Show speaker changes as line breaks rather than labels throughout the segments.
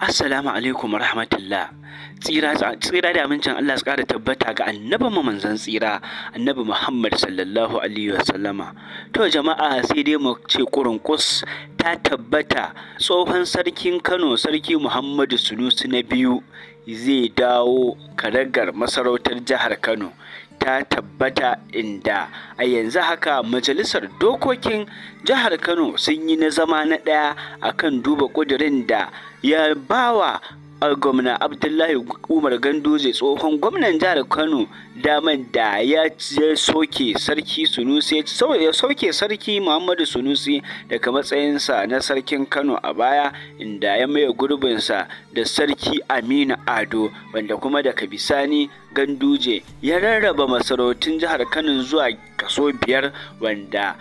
Assalamu alaikum rahmatullah. Tsira tsira da amincin Allah su ƙara tabbata ga annabin mu manzon tsira, annabi Muhammad sallallahu alaihi wasallama. To jama'a sai dai mu ce kurunkus ta tabbata tsohon sarkin Kano sarki Muhammadu Sunusi na biyu zai dawo karagar masarautar jihar Kano. ta tabbata inda a yanzu haka majalisar dokokin jihar kano sun yi na zama na ɗaya akan duba ƙudurin da ya bawa gwamna abdullahi umar ganduje tsohon gwamnan jihar kano daman da ya soke sarki sunusi ya soke sarki muhammadu sunusi daga matsayinsa na sarkin kano a baya inda ya maye gurbinsa da sarki aminu ado wanda kuma daga bisani ganduje ya rarraba masarautun jihar kano zuwa kaso biyar wanda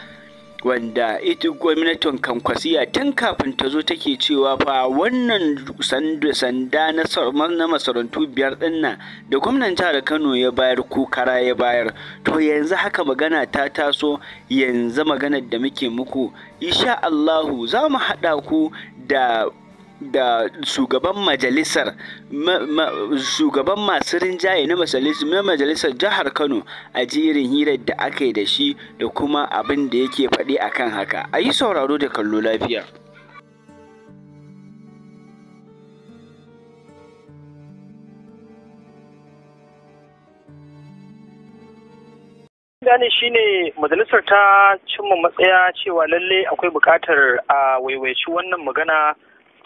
wanda ita gwamnatin kankwasiya tun kafin ta zo take cewa fa wannan sanda na masarautu biyar dinnan da gwamnan jihar kano ya bayar ko kara ya bayar to yanzu haka magana ta taso yanzu maganar da muke muku insha Allahu za mu haɗa ku da da shugaban majalisar shugaban masu rinjaye na majalisar jihar kano a jirin hirar da aka yi da shi da kuma abin da yake faɗi a kan haka a yi sauraro da kallo lafiya
gane ne majalisar ta cimma matsaya cewa lalle akwai bukatar a waiwaici wannan magana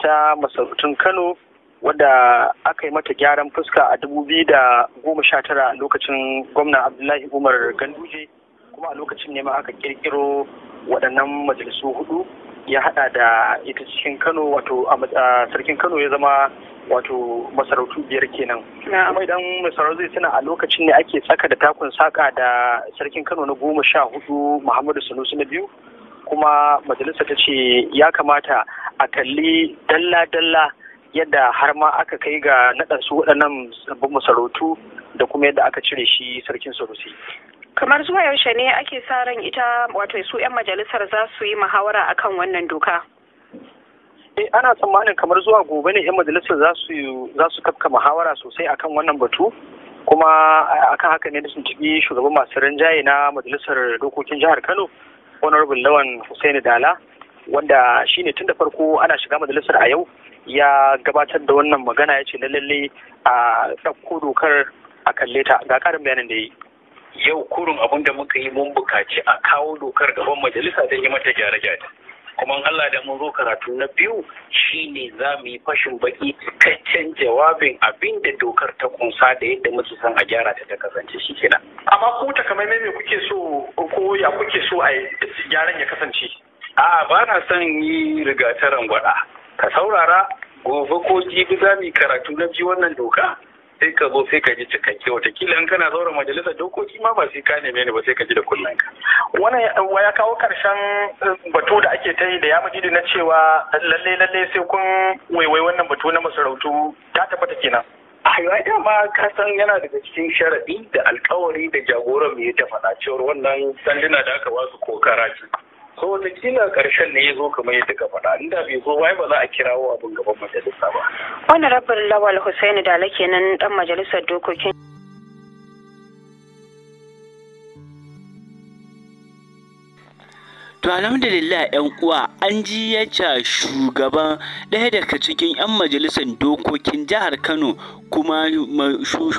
ta masarautun Kano wadda aka yi mata gyaran fuska a dubu biyu da goma sha tara lokacin gwamna Abdullahi Umar Ganduje kuma a lokacin ne ma aka kirkiro waɗannan majalisu hudu ya hada da ita cikin Kano wato a sarkin Kano ya zama wato masarautu biyar kenan kuma idan masarautu zai suna a lokacin ne ake tsaka da takun saka da sarkin kano na goma sha hudu muhammadu sanusi na biyu kuma majalisa ta ce ya kamata a kalli dalla-dalla yadda har ma aka kai ga naɗansu waɗannan sabbin masarautu da kuma yadda aka cire shi sarkin surusi. kamar zuwa yaushe ne ake sa ran ita wato su 'yan majalisar za su yi muhawara akan wannan doka eh ana tsammanin kamar zuwa gobe ne 'yan majalisar za su kafka muhawara sosai akan wannan batu kuma akan haka ne da sun ciki shugaban masu rinjaye na majalisar dokokin jihar kano honorable lawan hussaini dala wanda shine tun da farko ana shiga majalisar a yau ya gabatar da wannan magana ya ce na lalle a ɗauko dokar a kalle ta ga ƙarin bayanin da ya yi. Yau kurin abin da muka yi mun bukaci a kawo dokar gaban majalisa don yi mata gyare-gyare. Kuma Allah da mun zo karatu na biyu shine za mu yi fashin baki cikakken jawabin abin da dokar ta kunsa da yadda muke son a gyara ta ta kasance shi kenan. Amma ko kamar me kuke so ko ya kuke so a gyaran ya kasance? a ba na son yi rigataren gwada ka saurara gobe ko jibi za mu karatu na ji wannan doka sai ka zo sai ka ji cikakke watakila in kana zaura majalisar dokoki ma ba sai ka neme ne ba sai ka ji da kullum. ka wannan ya kawo karshen eh, batu da ake ta yi da ya majidi na cewa lalle lalle sai kun waiwai wannan batu na masarautu ta tabbata kenan a ma ka san yana daga cikin sharaɗi da alkawari da jagoran mu ya ta faɗa cewar wannan sanduna da aka wasu kokara ce so wataƙila ƙarshen ne ya zo kamar yadda ka faɗa inda bai zo wai ba za a kirawo abin gaban majalisa ba. wani rabin lawal hussaini dala nan ɗan majalisar dokokin
To alhamdulillah ‘yan uwa an ji yaca shugaban ɗaya daga cikin 'yan majalisar dokokin jihar Kano kuma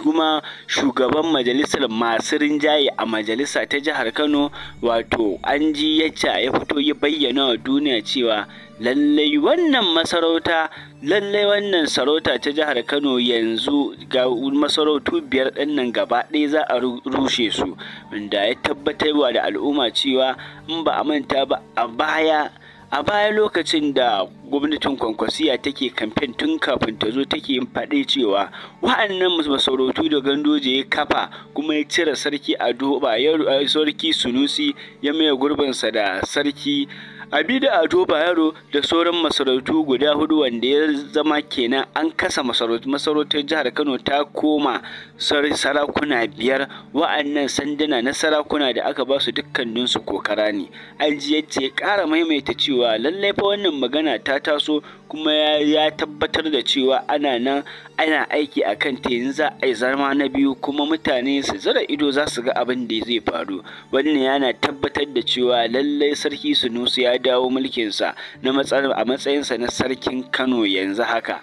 kuma shugaban majalisar masu rinjaye a majalisa ta jihar Kano wato an ji yacca ya fito ya bayyana wa duniya cewa lallai wannan masarauta lallai wannan sarauta ta jihar kano yanzu ga masarautu biyar ɗin nan gaba ɗaya za a rushe su inda ya tabbatarwa da al'umma cewa in ba a manta ba a baya a baya lokacin da gwamnatin kwankwasiya take kamfen tun kafin ta zo take yin faɗi cewa wa'annan masarautu da gandoje ya kafa kuma ya cire sarki a doba ya sarki sunusi ya maye gurbinsa da sarki Abi da Ado Bayero da sauran masarautu guda hudu wanda ya zama kenan an kasa masarautu masarautar jihar Kano ta koma sarakuna biyar wa'annan sanduna na sarakuna da aka ba su dukkanin su kokara ne an ji yace ya kara maimaita cewa lallai fa wannan magana ta taso kuma ya tabbatar da cewa ana nan ana aiki a kan ta za a yi zama na biyu kuma mutane su zara ido za su ga abin da zai faru wannan yana tabbatar da cewa lallai sarki sunusu ya dawo mulkinsa a matsayinsa na sarkin kano yanzu haka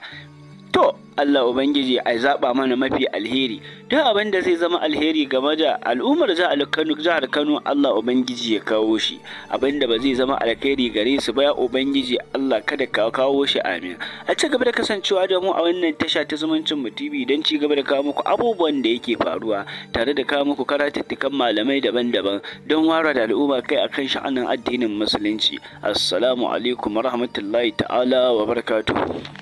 To, Allah Ubangiji a zaɓa mana mafi alheri, duk abin da zai zama alheri game da al'ummar jihar Kano Allah Ubangiji ya kawo shi, abin da ba zai zama alheri gare su ba ya Ubangiji Allah kada ka kawo shi amin. A ci gaba da kasancewa da mu a wannan tasha ta zumuncin mu TV don ci gaba da kawo muku abubuwan da yake faruwa tare da kawo muku karatuttukan malamai daban-daban don wara da al'umma kai akan sha'anin addinin musulunci. Assalamu alaikum warahmatullahi ta'ala wa barakatuhu.